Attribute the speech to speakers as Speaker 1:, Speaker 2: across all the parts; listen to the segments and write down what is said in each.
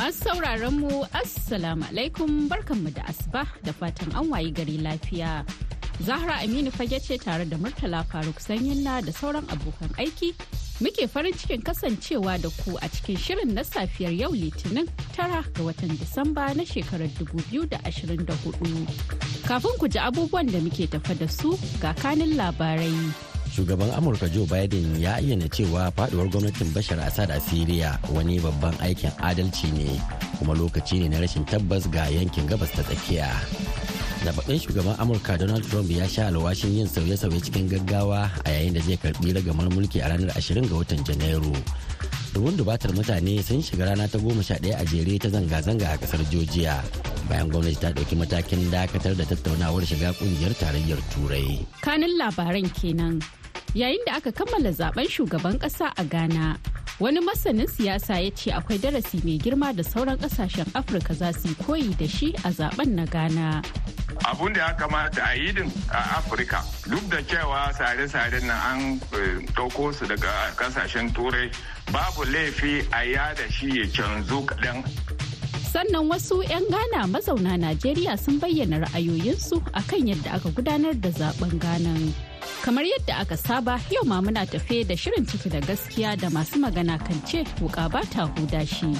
Speaker 1: Masu sauraron mu Assalamu alaikum barkanmu da asuba da fatan an wayi gari lafiya. Zahra Aminu fage ce tare da Murtala Faruk Sanyinna da sauran abokan aiki muke farin cikin kasancewa da ku a cikin shirin na safiyar yau litinin tara ga watan Disamba na shekarar dubu biyu da da ashirin hudu. Kafin ku ji abubuwan da muke tafa da su ga kanin labarai.
Speaker 2: shugaban amurka joe biden ya ayyana cewa faduwar gwamnatin bashar assad a syria wani babban aikin adalci ne kuma lokaci ne na rashin tabbas ga yankin gabas ta tsakiya da shugaban amurka donald trump ya sha alwashin yin sauye-sauye cikin gaggawa a yayin da zai karɓi ragamar mulki a ranar 20 ga watan janairu dubun dubatar mutane sun shiga rana ta goma sha ɗaya a jere ta zanga-zanga a kasar georgia bayan gwamnati ta ɗauki matakin dakatar da tattaunawar shiga ƙungiyar tarayyar turai
Speaker 1: kanin labaran kenan yayin da aka kammala zaben shugaban ƙasa a ghana wani masanin siyasa ya ce akwai darasi mai girma da sauran ƙasashen afirka za su koyi da shi a zaben na ghana
Speaker 3: abun da ya kamata a yi a afirka duk da cewa sare-saren nan an daukosu eh, su daga kasashen turai babu laifi a yada shi ya canzu kaɗan
Speaker 1: sannan wasu 'yan ghana mazauna najeriya sun bayyana ra'ayoyinsu akan yadda aka gudanar da zaben ghana Kamar yadda aka saba yau ma muna tafe da shirin ciki da gaskiya da masu magana kan ce wuka ba ta huda shi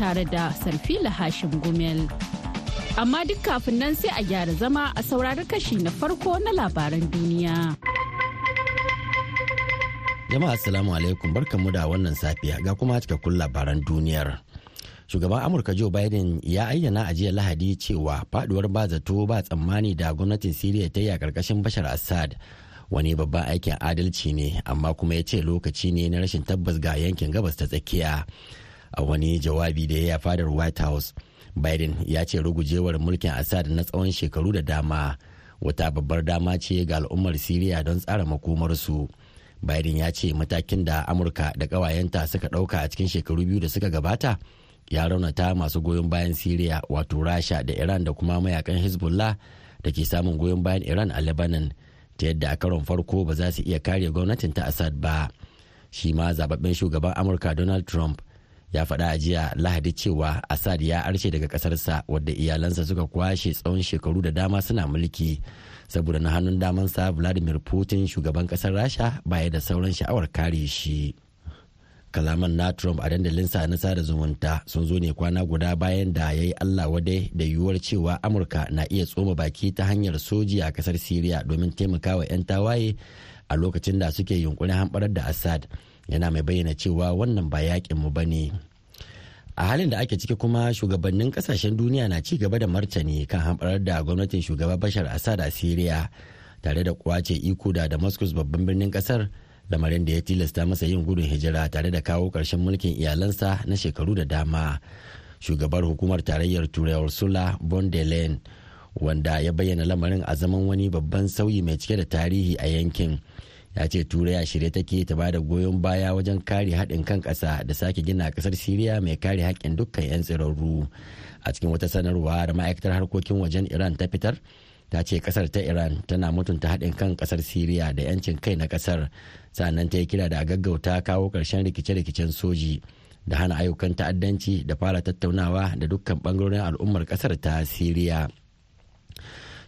Speaker 1: tare da Sarfila hashin Gumel. Amma duk kafin nan sai a gyara zama a saurari kashi na farko na labaran duniya.
Speaker 2: Jama'a Assalamu alaikum barkanmu da wannan safiya ga kuma cikakkun labaran duniyar. shugaban amurka joe biden ya ayyana a jiya lahadi cewa faduwar ba zato ba tsammani da gwamnatin siriya ta yi a karkashin bashar assad wani babban aikin adalci ne amma kuma ya ce lokaci ne na rashin tabbas ga yankin gabas ta tsakiya a wani jawabi da ya yi fadar white house biden ya ce rugujewar mulkin assad na tsawon shekaru da dama wata babbar dama ce ga al'ummar siriya don tsara makomarsu biden ya ce matakin da amurka da ƙawayenta suka ɗauka a cikin shekaru biyu da suka gabata ya raunata masu goyon bayan siriya wato rasha da iran da kuma mayakan hezbollah da ke samun goyon bayan iran a lebanon ta yadda a karon farko ba za su iya kare gwamnatin ta Assad ba. Shi ma zababben shugaban Amurka Donald Trump ya faɗa a jiya Lahadi cewa Assad ya arce daga ƙasarsa wadda iyalansa suka kwashe tsawon shekaru da dama suna mulki saboda na hannun damansa Vladimir Putin shugaban ƙasar Rasha baya da sauran sha'awar kare shi. kalaman na trump a dandalinsa na sada zumunta sun zo ne kwana guda bayan da ya yi allah wadai da yiwuwar cewa amurka na iya tsoma baki ta hanyar soji a kasar syria domin taimakawa 'yan tawaye a lokacin da suke yunkurin hamɓarar da assad yana mai bayyana cewa wannan ba yakin mu bane a halin da ake ciki kuma shugabannin kasashen duniya na ci gaba da martani kan hamɓarar da gwamnatin shugaba bashar assad a syria tare da kwace iko da damascus babban birnin kasar lamarin da ya tilasta masa yin gudun hijira tare da kawo ƙarshen mulkin iyalansa na shekaru da dama shugabar hukumar tarayyar turai ursula von der leyen wanda ya bayyana lamarin a zaman wani babban sauyi mai cike da tarihi a yankin ya ce turai a shirye take ta ba da goyon baya wajen kare haɗin kan ƙasa da sake gina ƙasar siriya mai kare haƙƙin dukkan 'yan tsirarru a cikin wata sanarwa da ma'aikatar harkokin wajen iran ta fitar ta ce kasar ta iran tana mutunta haɗin kan kasar siriya da 'yancin kai na kasar sannan ta yi kira da agaggauta gaggauta kawo ƙarshen rikice-rikicen soji da hana ayyukan ta'addanci da fara tattaunawa da dukkan bangarorin al'ummar kasar ta siriya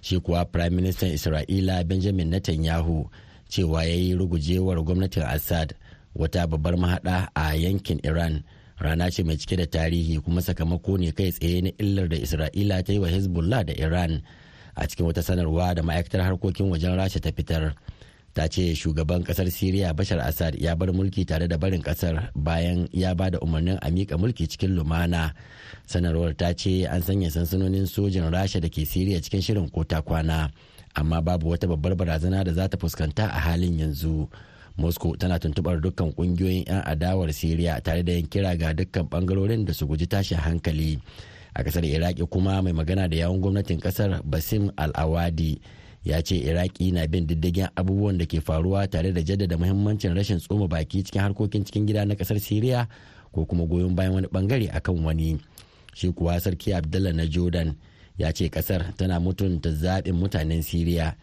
Speaker 2: shi kuwa prime minister isra'ila benjamin netanyahu cewa ya yi rugujewar gwamnatin assad wata babbar mahaɗa a yankin iran rana ce mai cike da tarihi kuma sakamako ne kai tsaye na illar da isra'ila ta yi wa hezbollah da iran a cikin wata sanarwa da ma'aikatar harkokin wajen rasha ta fitar ta ce shugaban kasar siriya bashar assad ya bar mulki tare da barin kasar bayan ya ba da umarnin a miƙa mulki cikin lumana sanarwar ta ce an sanya sansanonin sojin rasha da ke siriya cikin shirin kota kwana amma babu wata babbar barazana da za ta fuskanta a halin yanzu moscow tana tuntubar dukkan kungiyoyin 'yan adawar siriya tare da yin kira ga dukkan bangarorin da su guji tashin hankali a kasar iraki kuma mai magana da yawun gwamnatin kasar basim al-awadi ya ce iraki na bin diddigin abubuwan da ke faruwa tare da jaddada muhimmancin rashin tsoma baki cikin harkokin cikin gida na kasar siriya ko kuma goyon bayan wani bangare akan wani shi kuwa sarki abdullah na jordan ya ce kasar tana mutunta zaɓin mutanen siriya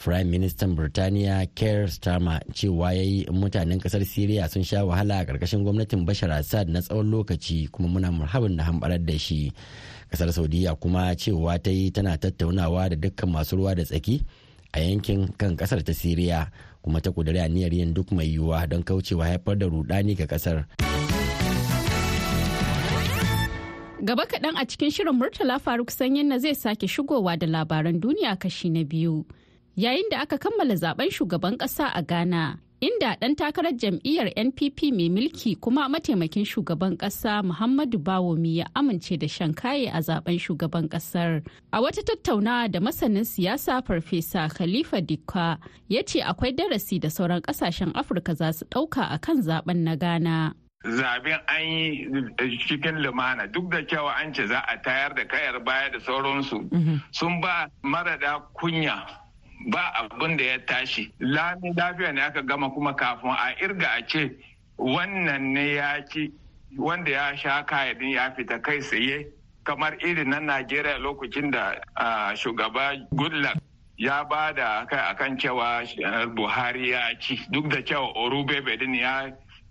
Speaker 2: Prime Minister Birtaniya Keir Starmer cewa ya yi mutanen kasar Siriya sun sha wahala a ƙarƙashin gwamnatin Bashar Assad na tsawon lokaci kuma muna murhabin da hambarar da shi. Kasar Saudiya kuma cewa ta yi tana tattaunawa da dukkan masu ruwa da tsaki a yankin kan kasar ta Siriya kuma ta kudiri aniyar yin duk mai yiwuwa don kaucewa haifar da rudani ga kasar.
Speaker 1: Gaba kaɗan a cikin shirin Murtala Faruk Sanyin na zai sake shigowa da labaran duniya kashi na biyu. yayin da aka kammala zaben shugaban ƙasa a Ghana. Inda ɗan takarar jam'iyyar NPP mai mulki kuma mataimakin shugaban ƙasa Muhammadu Bawomi ya amince da shan kaye a zaben shugaban ƙasar. A wata tattaunawa da masanin siyasa Farfesa Khalifa dikwa ya ce akwai darasi da sauran ƙasashen Afirka za su ɗauka a kan zaben na Ghana.
Speaker 3: zaben an yi cikin lumana duk da cewa an ce za a tayar da kayar baya da sauransu mhm. sun ba marada kunya ba abin da ya tashi lami lafiya ne aka gama kuma kafin a irga a ce wannan ne ya ci wanda ya sha kayadin ya fita kai tsaye kamar irin na najeriya lokacin da shugaba goodluck ya ba da kai akan cewa eh, buhari ya ci duk da cewa orube bedin ya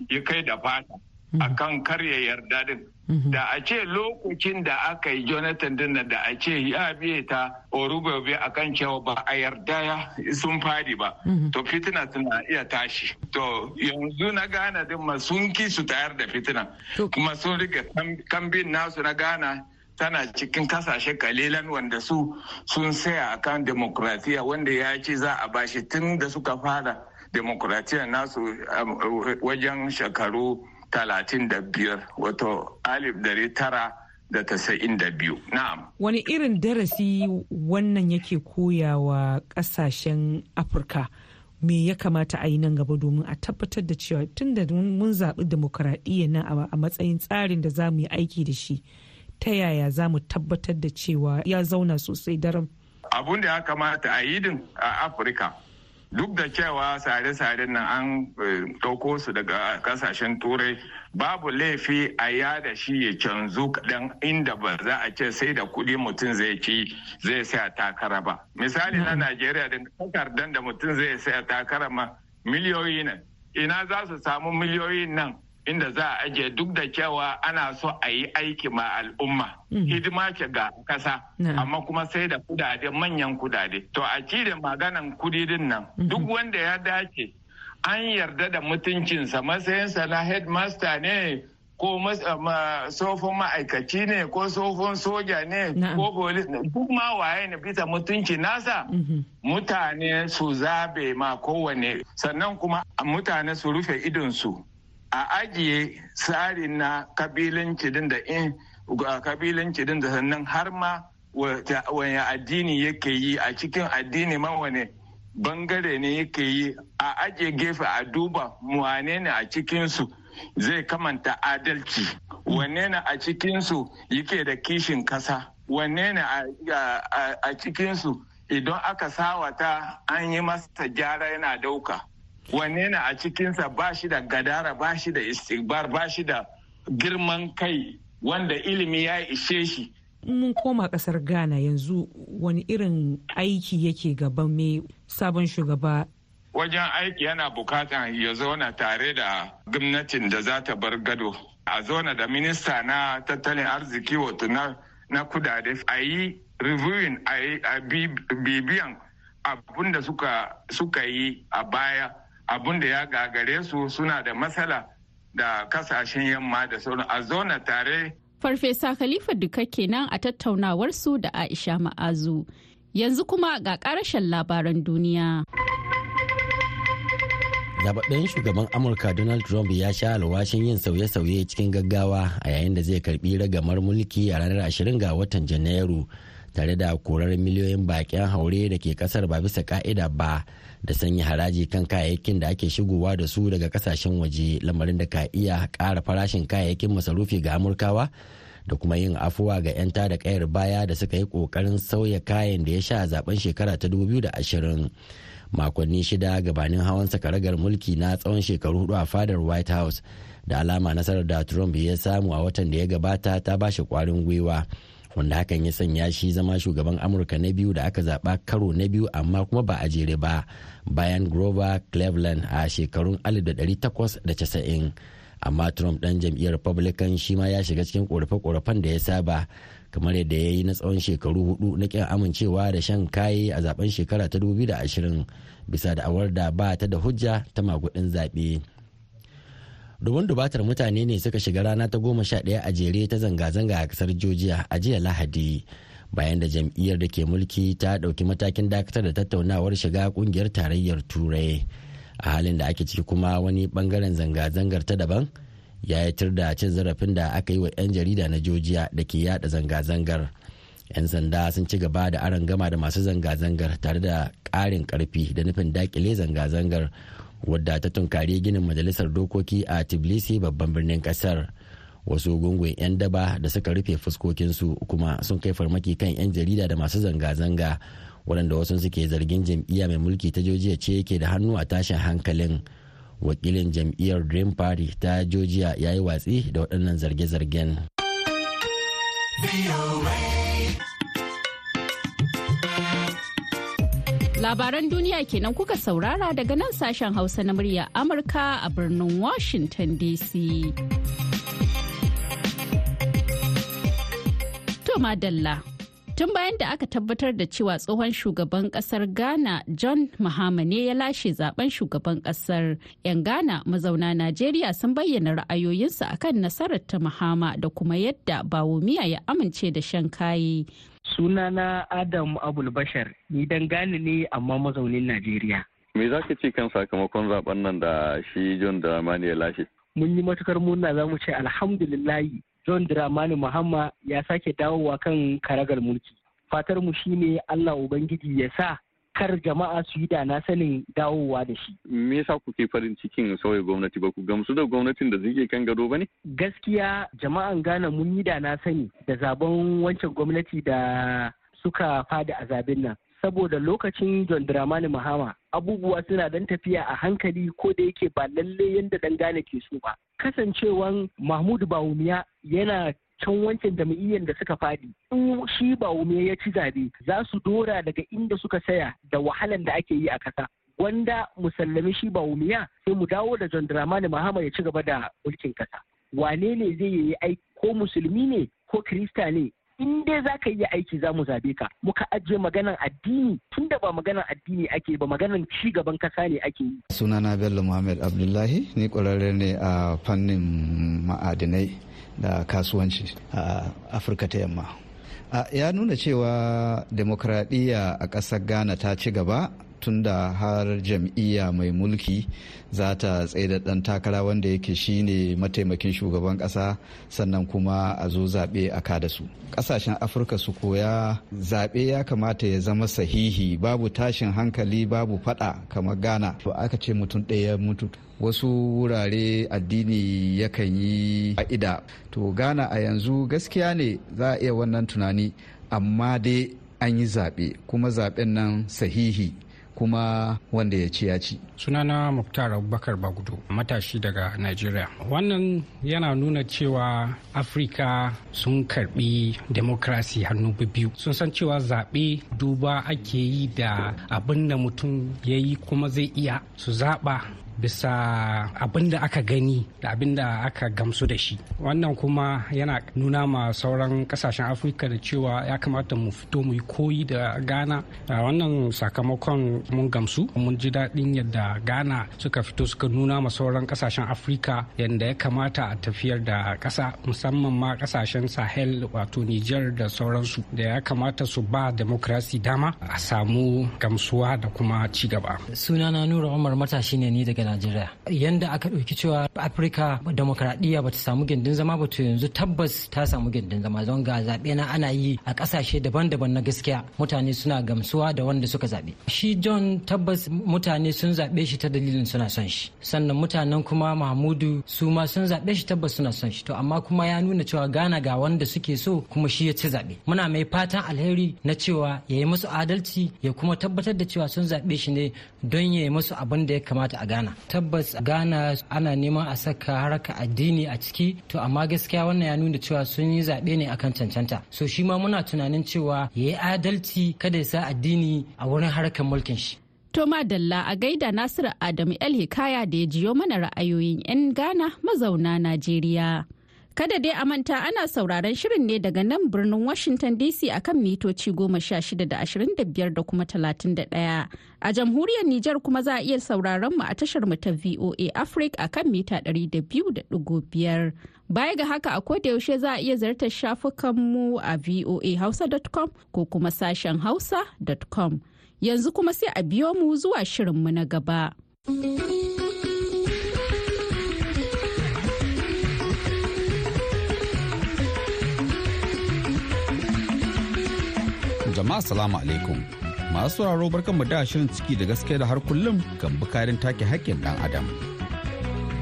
Speaker 3: yi kai da fata hmm. akan kan karya yarda din Mhm. da a ce lokacin da aka yi jonathan dinnan da a ce ya biye ta orugobe a kan cewa ba a yarda ya sun fadi ba mhm. to fitina suna iya tashi to yanzu na gana din sun ki su tayar da fitina kuma sun riga kambin nasu na gana tana cikin kasashe kalilan wanda su sun saya akan demokratiya wanda ya ce za a bashi tun da suka fara demokratiya nasu um, wajen shekaru talatin da biyar wato alif dari tara da tasa'in da biyu na'am
Speaker 1: wani irin darasi wannan yake koyawa kasashen afirka me ya kamata a yi nan gaba domin a tabbatar da cewa tun da mun zaɓi demokaraɗiyya nan a matsayin tsarin da za mu yi aiki da shi ta yaya za mu tabbatar da cewa ya zauna sosai daram
Speaker 3: abun da ya kamata a yi din a afirka duk da cewa sare-saren nan an eh, ɗauko su daga kasashen turai babu laifi a yada shi ya canzu kaɗan inda ba za a ce sai da kuɗi mutum zai ci zai saya takara ba misali na mm. najeriya da takardar da mutum zai saya takara ma miliyoyi nan ina za su samu miliyoyi nan inda za a ajiye duk da cewa ana so a yi aiki ma al'umma mhm. hidima ce ga kasa amma kuma sai da kudade manyan kudade to a cire maganan kudidin nan mhm. duk wanda ya dace an yarda da mutuncinsa matsayinsa na headmaster ne ko eh, tsofin ma'aikaci ne ko tsofin soja ne ko polis ne duk ma waye ne bisa mutunci nasa mhm. mutane su zabe ma kowane sannan kuma mutane su rufe idonsu a ajiye tsari na kabilanci din da in kabilanci din da sannan har ma wani addini yake yi a cikin addini ma wani bangare ne yake yi a ajiye gefe a duba muwane ne a cikinsu zai kamanta adalci wanne ne a cikinsu yake da kishin kasa wanne ne a cikinsu idan aka sawata an yi masa gyara yana dauka wanne na a cikinsa ba shi da gadara ba shi da istigbar ba shi da girman kai wanda ilimi ya ishe shi
Speaker 1: mun koma kasar ghana yanzu wani irin aiki yake gaban mai sabon shugaba
Speaker 3: wajen aiki yana bukatan ya zauna tare da gwamnatin da za ta bar gado a zauna da minista na tattalin arziki wato na kudade a yi reviewing a bibiyan abin da suka yi a baya abun da ya gagare su suna da matsala da kasashen yamma da sauran a zona tare.
Speaker 1: Farfesa Khalifa Duka kenan a tattaunawar su da Aisha Ma'azu. Yanzu kuma ga ƙarashen labaran duniya.
Speaker 2: zababben shugaban amurka donald trump ya sha alwashin yin sauye-sauye cikin gaggawa a yayin da zai karbi ragamar mulki a ranar 20 ga watan janairu tare da korar miliyoyin bakin haure da ke kasar ba bisa ka'ida ba da sanya haraji kan kayayyakin da ake shigowa da su daga kasashen waje lamarin da ka iya ƙara farashin kayayyakin masarufi ga amurkawa da kuma yin afuwa ga 'yan tada kayar baya da suka yi ƙoƙarin sauya kayan da ya sha a zaben shekara ta 2020 makonni shida gabanin hawan sakaragar mulki na tsawon shekaru hudu a fadar white house da alama nasarar da trump ya samu a watan da ya gabata ta bashi kwarin gwiwa. wanda hakan ya sanya shi zama shugaban amurka na biyu da aka zaba karo na biyu amma kuma ba a jere ba bayan grover cleveland a shekarun 1890 amma trump dan jam'iyyar republican shi ma ya shiga cikin korafe-korafen da ya saba kamar yadda ya yi na tsawon shekaru hudu na kin amincewa da shan kaye a zaben shekara ta 2020 bisa da awar da ba ta da hujja ta magudin zaɓe. domin dubatar mutane ne suka shiga rana ta goma sha ɗaya a jere ta zanga-zanga a kasar georgia a jiya lahadi bayan da jam'iyyar da ke mulki ta ɗauki matakin dakatar da tattaunawar shiga kungiyar tarayyar turai a halin da ake ciki kuma wani bangaren zanga-zangar ta daban ya yi tur da cin zarafin da aka yi wa 'yan jarida na georgia da ke yada zanga-zangar 'yan sanda sun ci gaba da aron gama da masu zanga-zangar tare da ƙarin ƙarfi da nufin dakile zanga-zangar wadda ta tunkari ginin majalisar dokoki a tbilisi babban birnin kasar wasu gungun 'yan daba da suka rufe fuskokinsu kuma sun kai farmaki kan 'yan jarida da masu zanga-zanga waɗanda wasu suke zargin jam'iyya mai mulki ta jojiya ce yake da hannu a tashin hankalin wakilin jam'iyyar dream party ta jojiya ya yi watsi da waɗannan zarge-zargen
Speaker 1: Labaran duniya kenan kuka saurara daga nan sashen Hausa na murya Amurka a birnin Washington DC. To madalla. tun bayan da aka tabbatar da cewa tsohon shugaban kasar ghana john mahama ne ya lashe zaben shugaban kasar yan ghana mazauna najeriya sun bayyana ra'ayoyinsu akan nasarar ta mahama da kuma yadda bawomiya ya amince da shan kayi Sunana Adam Abulbashar, ni dangane ne
Speaker 4: amma mazaunin Najeriya.
Speaker 5: Me za ka ce kan sakamakon zaben nan da shi John Dramani ya lashe?
Speaker 4: Mun yi matukar murna za mu ce alhamdulillahi John Dramani Muhammad ya sake dawowa kan karagar mulki. Fatar mu shine Allah Ubangiji ya sa kar jama'a su yi da na sanin dawowa da shi.
Speaker 5: Me yasa kuke farin cikin sauya gwamnati ba ku gamsu da gwamnatin da zai kan gado ba ne?
Speaker 4: Gaskiya jama'an Ghana mun yi da na sani da zaben wancan gwamnati da suka fada a zaben nan. Saboda lokacin John Dramani Mahama abubuwa suna dan tafiya a hankali ko da yake ba lalle yadda dan Ghana ke so ba. Kasancewan Mahmud Bawumiya yana can wancan jam'iyyar da suka fadi in shi ba wume ya ci zabe za su dora daga inda suka saya da wahalan da ake yi a kasa wanda musallami shi ba wumiya sai mu dawo da John Dramani Mahama ya ci gaba da mulkin kasa wane ne zai yi aiki ko musulmi ne ko Kirista ne in dai za ka yi aiki za mu zabe ka muka ajiye maganan addini tunda ba maganar addini ake ba maganan ci gaban kasa ne ake yi
Speaker 6: sunana bello muhammad abdullahi ni kwararre ne a fannin ma'adinai da kasuwanci a afirka ta yamma ya nuna cewa demokradiyya a ƙasar ghana ta ci gaba tunda har jam'iyya mai mulki za ta tsaida ɗan takara wanda yake shine mataimakin shugaban ƙasa, sannan kuma a zo zaɓe a kada su ƙasashen afirka su koya zaɓe ya kamata ya zama sahihi babu tashin hankali babu faɗa kamar ghana to aka ce mutum ɗaya mutu wasu wurare addini yakan yi Ida. to ghana a yanzu gaskiya ne za a iya wannan tunani amma dai an yi zaɓe kuma zaɓen nan sahihi
Speaker 4: kuma wanda ya ci ya ci sunana muktar abubakar bagudu matashi daga nigeria wannan yana nuna cewa afirka sun karbi demokrasi hannu biyu sun san cewa zaɓe duba ake yi da abin da mutum ya yi kuma zai iya su zaɓa bisa abin da aka gani da abin da aka gamsu da shi wannan kuma yana nuna ma sauran kasashen afirka da cewa ya kamata mu fito mu yi koyi da ghana wannan sakamakon mun gamsu mun ji daɗin yadda ghana suka fito suka nuna ma sauran kasashen afirka yadda ya kamata a tafiyar da ƙasa musamman ma kasashen sahel wato niger da sauransu da ya kamata su ba demokrasi dama a samu gamsuwa
Speaker 2: da kuma ci gaba sunana nura umar matashi ne ni daga najeriya yanda aka ɗauki cewa afirka demokradiyya ba ta samu gindin zama ba to yanzu tabbas ta samu gindin zama don ga zaɓe na ana yi a ƙasashe daban-daban na gaskiya mutane suna gamsuwa da wanda suka zaɓe shi john tabbas mutane sun zaɓe shi ta dalilin suna son shi sannan mutanen kuma mahmudu su ma sun zaɓe shi tabbas suna son shi to amma kuma ya nuna cewa gana ga wanda suke so kuma shi ya ci zaɓe muna mai fatan alheri na cewa ya yi musu adalci ya kuma tabbatar da cewa sun zaɓe shi ne don ya yi musu abin da ya kamata a gana. tabbas ghana ana neman a saka haraka addini a ciki to amma gaskiya wannan ya nuna cewa sun yi zaɓe ne akan cancanta so shi ma muna tunanin cewa ya yi adalci kada ya sa addini a wurin harkar mulkin
Speaker 1: shi Toma Dalla a gaida Nasiru Adamu El Hikaya da ya jiyo mana ra'ayoyin 'yan Ghana mazauna Najeriya. Kada dai a manta ana sauraron shirin ne daga nan birnin Washington DC akan mitoci goma sha shida da ashirin da biyar da kuma talatin da ɗaya. A jamhuriyar Nijar kuma za a iya sauraron mu a tashar mu ta VOA Africa akan mita ɗari da biyu da ɗigo biyar. Baya ga haka a koda yaushe za a iya ziyartar shafukan mu a voahausa.com ko kuma sashen hausa.com. Yanzu kuma sai a biyo mu zuwa shirin mu na gaba.
Speaker 6: jama'a salamu alaikum masu sauraro barkanmu da shirin ciki da gaske da har kullum kan bukarin take haƙƙin dan adam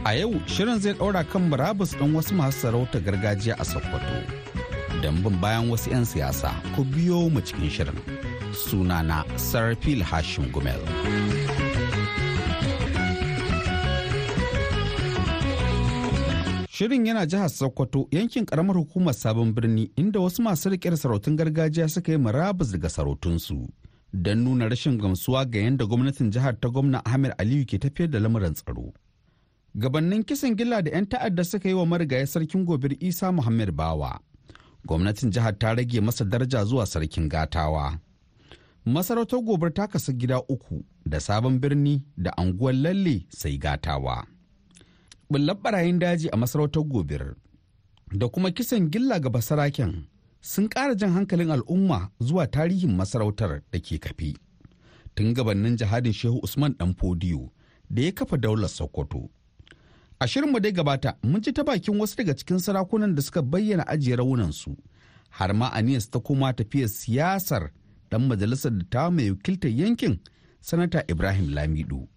Speaker 6: a yau shirin zai ɗaura kan murabus ɗin wasu masu sarauta gargajiya a sokoto don bin bayan wasu 'yan siyasa ku biyo mu cikin shirin sunana sarfil hashim gumel Shirin yana jihar Sokoto yankin karamar hukumar sabon birni inda wasu masu riƙe da sarautun gargajiya suka yi marabus daga sarautunsu don nuna rashin gamsuwa ga yadda gwamnatin jihar ta gwamna Ahmed Aliyu ke tafiyar da lamuran tsaro. Gabannin kisan gila da 'yan ta'adda suka yi wa marigaya sarkin gobir Isa Muhammad Bawa. Gwamnatin jihar ta rage masa daraja zuwa sarkin gatawa. Masarautar gobar ta kasa gida uku da sabon birni da anguwar lalle sai gatawa. bullar barayin daji a masarautar gobir da kuma kisan gilla ga basaraken sun ƙara jan hankalin al'umma zuwa tarihin masarautar da ke kafi tun gabanin jihadin shehu usman dan fodiyo da ya kafa daular sokoto a shirinmu dai gabata mun ji ta bakin wasu daga cikin sarakunan da suka bayyana ajiye raunansu har ma aniyas ta koma tafiyar siyasar dan majalisar da ta mai wakiltar yankin sanata ibrahim lamido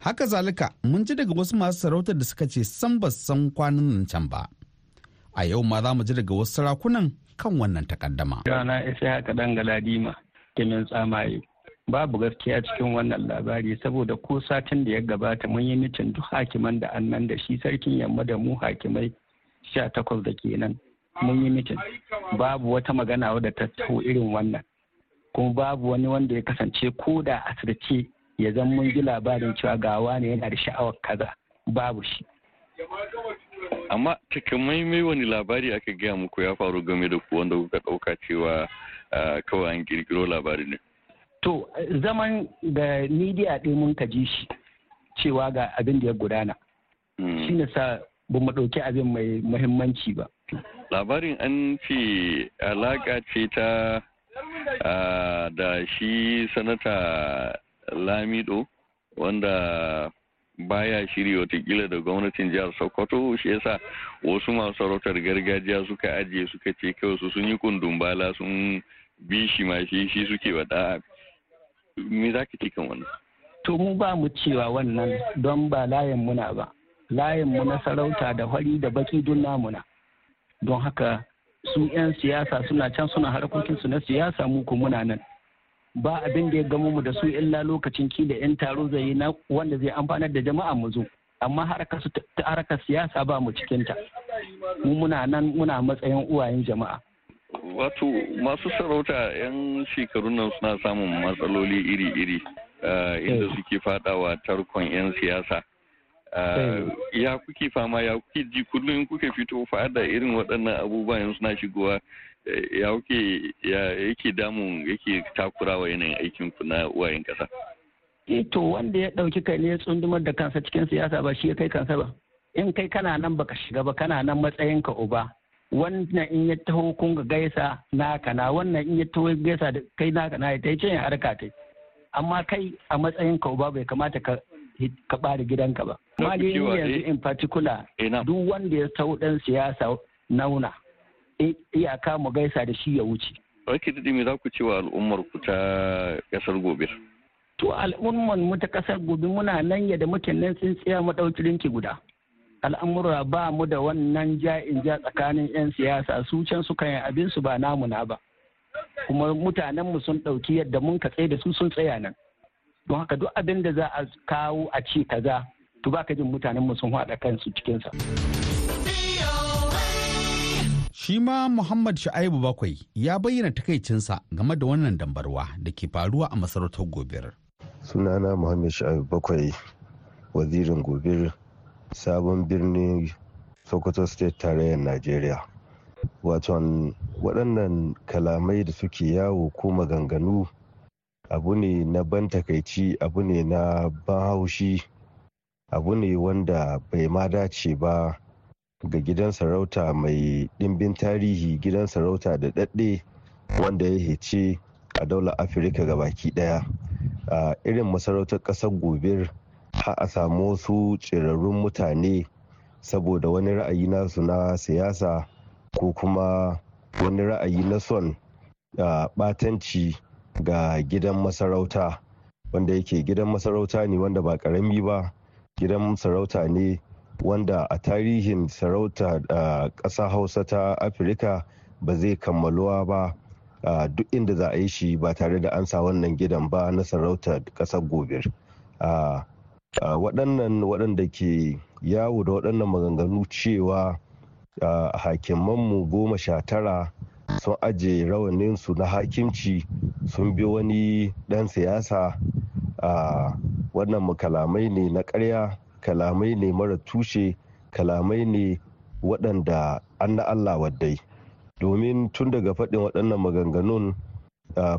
Speaker 6: haka zalika mun ji daga wasu masu sarautar da suka ce san ba san kwanan nan can ba a yau ma za mu ji daga wasu sarakunan kan wannan
Speaker 4: takaddama. Rana isa haka dan galadima kimin tsamaye babu gaskiya cikin wannan labari saboda ko satin da ya gabata mun yi nicin duk hakiman da annan da shi sarkin yamma da mu hakimai sha takwas da kenan mun yi nicin babu wata magana wadda ta irin wannan kuma babu wani wanda ya kasance ko da asirce ya zan mun ji labarin cewa gawa ne yana da sha'awar kaza babu shi
Speaker 5: amma takamaimai wani labari aka gaya muku ya faru game da ku wanda kuka ɗauka cewa kawai an kirkiro labari ne
Speaker 4: to zaman da midiya ɗin mun ka ji shi cewa ga abin da ya gudana hmm. shi ne sa ba mu ɗauki abin mai muhimmanci ba
Speaker 5: labarin an ce alaƙa ce ta da shi sanata lamido wanda baya shiri watakila da gwamnatin jihar sokoto shi yasa wasu masu sarautar gargajiya suka ajiye suka ce kawai su sun yi kundumbala sun bi shi ma shi shi suke wada me za ka kan wannan
Speaker 4: to mu ba mu cewa wannan don ba layin muna ba layin mu na sarauta da fari da baki dun namuna don haka su 'yan siyasa suna can suna harkokinsu na siyasa mu muna nan ba abin da ya gamo mu da su illa lokacin da yan taro zai yi na wanda zai amfanar da jama'a mu zo amma harkar siyasa ba mu cikinta mu muna nan muna matsayin uwayen jama'a
Speaker 5: wato masu sarauta 'yan shekarun nan suna samun matsaloli iri-iri eh, inda eh. suke fadawa tarkon 'yan siyasa eh, ya kuke fama ya kuke ji kullum kuke fito fada irin waɗannan abubuwan suna shigowa ya kuke ya yake damun yake takurawa yanayin aikin ku na wayan kasa
Speaker 4: eh, to wanda ya dauki kai ne ya tsundumar da kansa cikin siyasa ba shi ya kai kansa ba in kai kana nan baka shiga ba kana nan matsayin ka uba wannan in ya taho kun ga gaisa naka na wannan in ya taho gaisa da kai naka na ta ce ya harka ta amma kai a matsayin ka uba bai kamata ka ka bada gidanka ba. Amma yanzu eh? in particular duk wanda ya taho dan siyasa nauna iyaka mu gaisa da shi ya wuce.
Speaker 5: Barki da me za ku ce wa al'ummar ku ta kasar gobe? To
Speaker 4: al'ummar mu ta kasar gobe muna nan yadda muke nan tsintsiya mu ɗauki rinki guda. Al'amura ba mu da wannan ja'in ja tsakanin 'yan siyasa su can su kan abin su ba namu na ba. Kuma mutanen mu sun ɗauki yadda mun katse da su sun tsaya nan. Don haka duk abin da za a kawo a ce kaza to ba ka jin mutanen mu sun haɗa kansu cikinsa. Shi ma Muhammad Sha'aibu
Speaker 6: bakwai ya bayyana takaicinsa game da wannan dambarwa da ke faruwa a masarautar gobir.
Speaker 7: Sunana Muhammad Sha'aibu bakwai wazirin gobe sabon birnin Sokoto State tarayyar Najeriya. Waton waɗannan kalamai da suke yawo ko maganganu abu ne na ban takaici abu ne na ban haushi abu ne wanda bai ma dace ba ga gidan sarauta mai ɗimbin tarihi gidan sarauta da daɗe wanda ya hece a daular afirka ga baki ɗaya a irin masarautar ƙasar gobe har a samu wasu tsirarrun mutane saboda wani ra'ayi nasu na siyasa ko kuma wani ra'ayi na son batanci ga gidan masarauta wanda yake gidan masarauta ne wanda ba ƙarami ba gidan sarauta ne wanda a tarihin sarauta a ƙasa hausa ta afirka ba zai kammaluwa ba duk inda za a yi shi ba tare da ansa wannan gidan ba na sarauta kasar gobir waɗannan waɗanda ke yawo da waɗannan maganganu cewa hakimanmu goma sha tara sun aje rawaninsu na hakimci sun bi wani ɗan siyasa wannan mukalamai ne na ƙarya kalamai ne mara tushe kalamai ne waɗanda an na Allah waddai domin tun daga faɗin waɗannan maganganun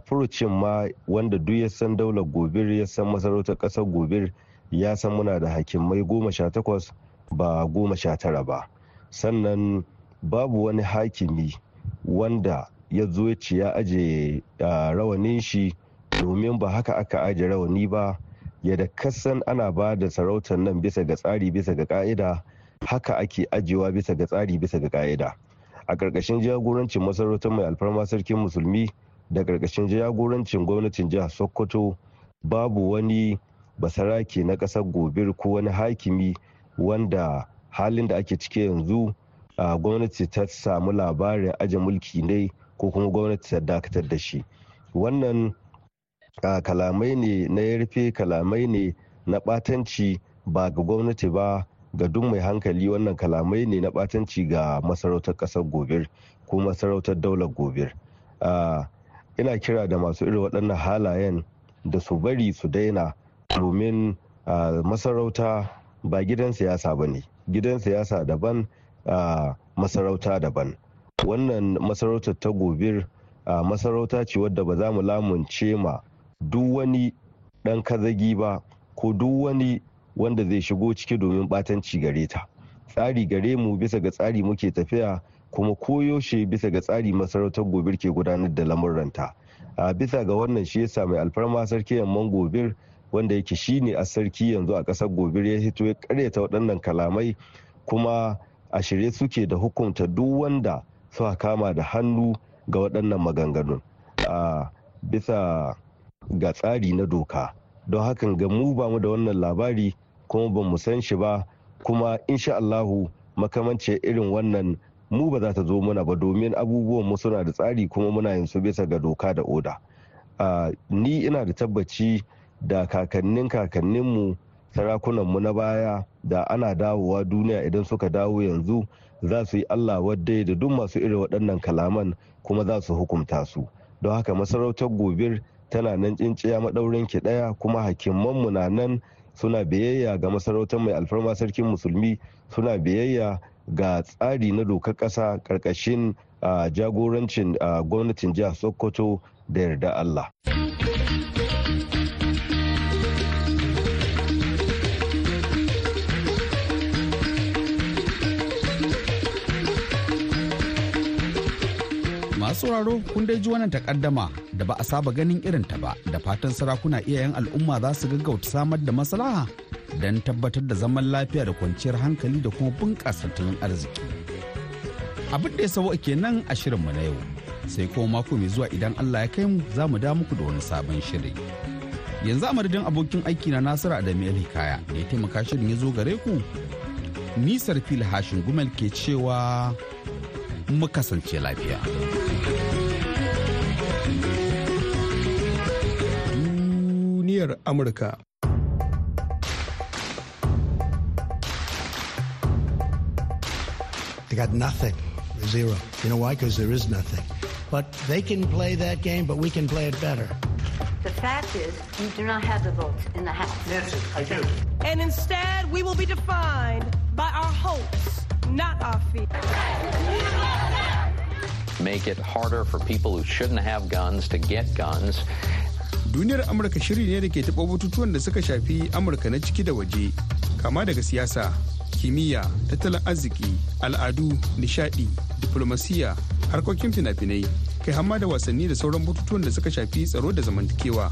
Speaker 7: furucin ma wanda duk ya san daular gobir ya san masarautar ƙasar gobir ya san muna da hakimai goma sha takwas ba goma sha tara ba sannan babu wani hakimi wanda ya zo ya aje rawanin shi domin ba haka aka aje rawani ba da kasan ana ba da sarautar nan bisa ga tsari bisa ga ka'ida haka ake ajiyewa bisa ga tsari bisa ga ka'ida a ƙarƙashin jagorancin masarautar mai alfarma sarkin musulmi da ƙarƙashin jagorancin gwamnatin jihar sokoto babu wani basaraki na ƙasar gobe ko wani hakimi wanda halin da ake cike yanzu a gwamnati ta samu labarin aje mulki ne ko kuma gwamnati ta dakatar da shi wannan kalamai ne na yarfe kalamai ne na batanci ba ga gwamnati ba ga duk mai hankali wannan kalamai ne na batanci ga masarautar ƙasar gobir ko masarautar daular gobir ina kira da masu irin waɗannan halayen da su bari su daina domin masarauta ba gidan siyasa ba ne gidan siyasa daban masarauta daban wannan masarautar ta gobir masarauta ce wadda ba za mu lamunce ma duk wani ɗan kazagi ba ko duk wani wanda zai shigo ciki domin batanci gare ta tsari gare mu bisa ga tsari muke tafiya kuma koyaushe bisa ga tsari masarautar gobir ke gudanar da lamuranta, a bisa ga wannan shi yasa mai alfarma sarki yamman gobir wanda yake shi ne a sarki yanzu a ƙasar gobir ya hito ya karyata waɗannan kalamai kuma a shirye suke da hukunta duk wanda suka kama da hannu ga waɗannan maganganun a bisa ga tsari na doka don hakan ga mu ba mu da wannan labari kuma ba mu san shi ba kuma insha Allahu makamancin irin wannan mu ba za ta zo muna ba domin abubuwan mu suna da tsari kuma muna yin su bisa ga doka da oda ni ina da tabbaci da kakannin kakannin mu sarakunan mu na baya da ana dawowa duniya idan suka dawo yanzu za su yi allah wadda da duk masu irin waɗannan kalaman kuma za su hukunta su don haka masarautar gobir tana nan tsinciya maɗaurin ki ɗaya kuma mu na nan suna biyayya ga masarautar mai alfarma sarkin musulmi suna biyayya ga tsari na dokar ƙasa ƙarƙashin jagorancin gwamnatin jihar sokoto da yarda allah
Speaker 6: masu wuraro kun dai ji wannan takaddama da ba a saba ganin irin ta ba da fatan sarakuna iyayen al'umma za su gaggauta samar da maslaha don tabbatar da zaman lafiya da kwanciyar hankali da kuma bunƙasa tattalin arziki abin da ya ke nan a shirin mu na yau sai kuma mako mai zuwa idan Allah ya kai mu za mu da muku da wani sabon shiri. Yanzu a madadin abokin aiki na Nasiru Adamu Hikaya da ya taimaka shirin ya zo gare ku. Nisar fil hashin gumel ke cewa mu kasance lafiya. muryar Amurka.
Speaker 2: They got nothing, zero. You know why? Because there is nothing. But they can play that game, but we can play it better.
Speaker 3: The fact is, you do not have the votes in the House. Yes, I do. And instead, we will be defined by our
Speaker 7: hopes, not our fears.
Speaker 5: Make it harder for people who shouldn't have guns to get guns
Speaker 6: duniyar amurka shiri ne da ke taɓa batutuwan da suka shafi amurka na ciki da waje kama daga siyasa kimiyya tattalin arziki al'adu nishadi diplomasiya harkokin fina-finai kai hamma da wasanni da sauran batutuwan da suka shafi tsaro da zamantakewa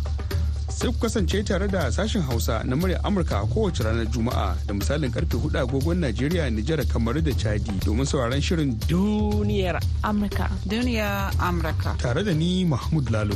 Speaker 6: sai ku kasance tare da sashen hausa na murya amurka a kowace ranar juma'a da misalin karfe hudu agogon najeriya nijar kamar da chadi domin sauraron shirin duniyar
Speaker 1: duniyar amurka
Speaker 6: tare da ni mahmud lalo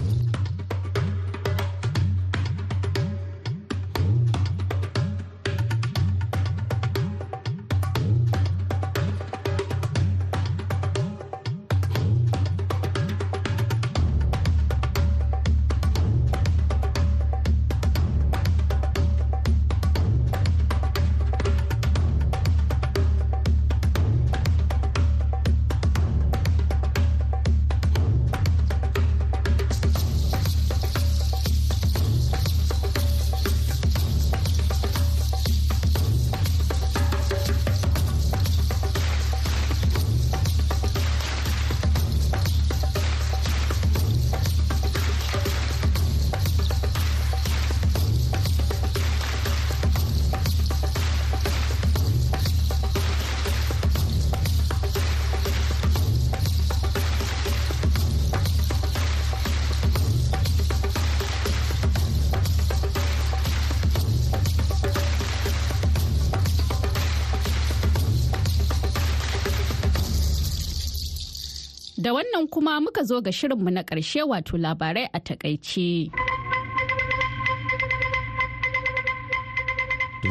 Speaker 1: Da wannan kuma muka zo ga shirinmu na ƙarshe wato labarai a takaice.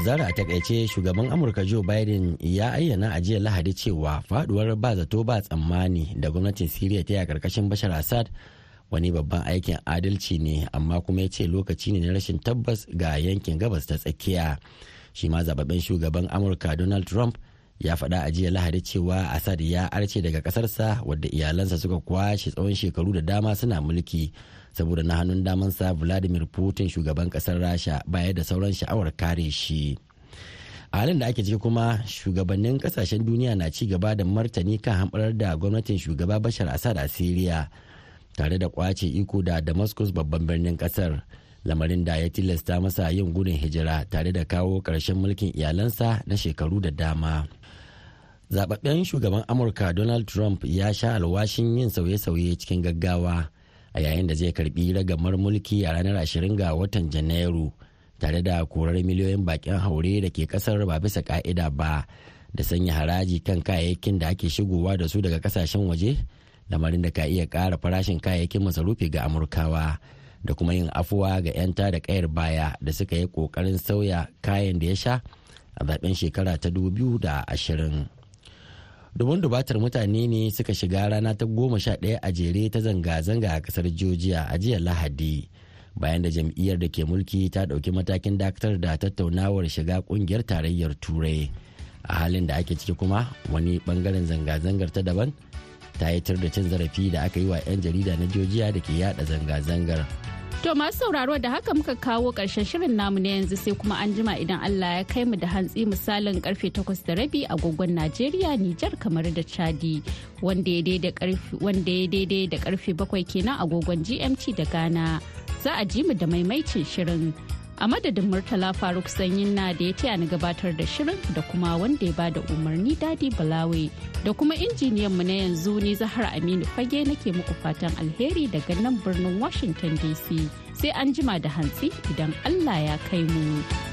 Speaker 2: zara a takaice shugaban amurka joe biden ya ayyana a jiya lahadi cewa faduwar ba zato ba tsammani da gwamnatin syria ta yi a karkashin bashar assad wani babban aikin adalci ne amma kuma ya ce lokaci ne na rashin tabbas ga yankin gabas ta tsakiya shi ma zababben shugaban amurka donald trump ya faɗa a jiya lahadi cewa asad ya arce daga ƙasarsa wadda iyalansa suka kwashe tsawon shekaru da dama suna mulki saboda na hannun damansa vladimir putin shugaban ƙasar rasha baya da sauran sha'awar kare shi a halin da ake ciki kuma shugabannin kasashen duniya na ci gaba da martani kan hamɓarar da gwamnatin shugaba bashar asad a siriya tare da kwace iko da damascus babban birnin ƙasar lamarin da ya tilasta masa yin gudun hijira tare da kawo ƙarshen mulkin iyalansa na shekaru da dama zababben shugaban amurka donald trump ya sha alwashin yin sauye-sauye cikin gaggawa a yayin da zai karbi ragamar mulki a ranar 20 ga watan janairu tare da korar miliyoyin bakin haure da ke kasar ba bisa ka'ida ba da sanya haraji kan kayayyakin da ake shigowa da su daga kasashen waje lamarin da ka iya ƙara farashin kayayyakin masarufi ga amurkawa da kuma yin afuwa ga 'yan da kayar baya da suka yi kokarin sauya kayan da ya sha a zaben shekara ta 2020 domin dubatar mutane ne suka shiga rana ta goma sha ɗaya a jere ta zanga-zanga a kasar georgia a jiya lahadi bayan da jam'iyyar da ke mulki ta ɗauki matakin dakatar da tattaunawar shiga ƙungiyar tarayyar turai a halin da ake ciki kuma wani ɓangaren zanga-zangar ta daban ta yi tar da cin zarafi da aka yi wa 'yan jarida na jojiya da ke yada zanga-zangar
Speaker 1: To masu sauraro da haka muka kawo karshen shirin namu na yanzu sai kuma an jima idan Allah ya kai mu da hantsi misalin karfe 8 da rabi a agogon Najeriya, Nijar kamar da Chadi wanda ya daidai da karfe 7 kenan a gogon GMT da Ghana. Za a ji mu da maimaicin shirin. a madadin murtala faruk sanyin na da ya taya ni gabatar da shirin da kuma wanda ya bada umarni dadi balawe da kuma injiniyan mu na yanzu ni zahar aminu fage nake muku fatan alheri daga nan birnin washington dc sai an jima da hantsi idan allah ya kai mu.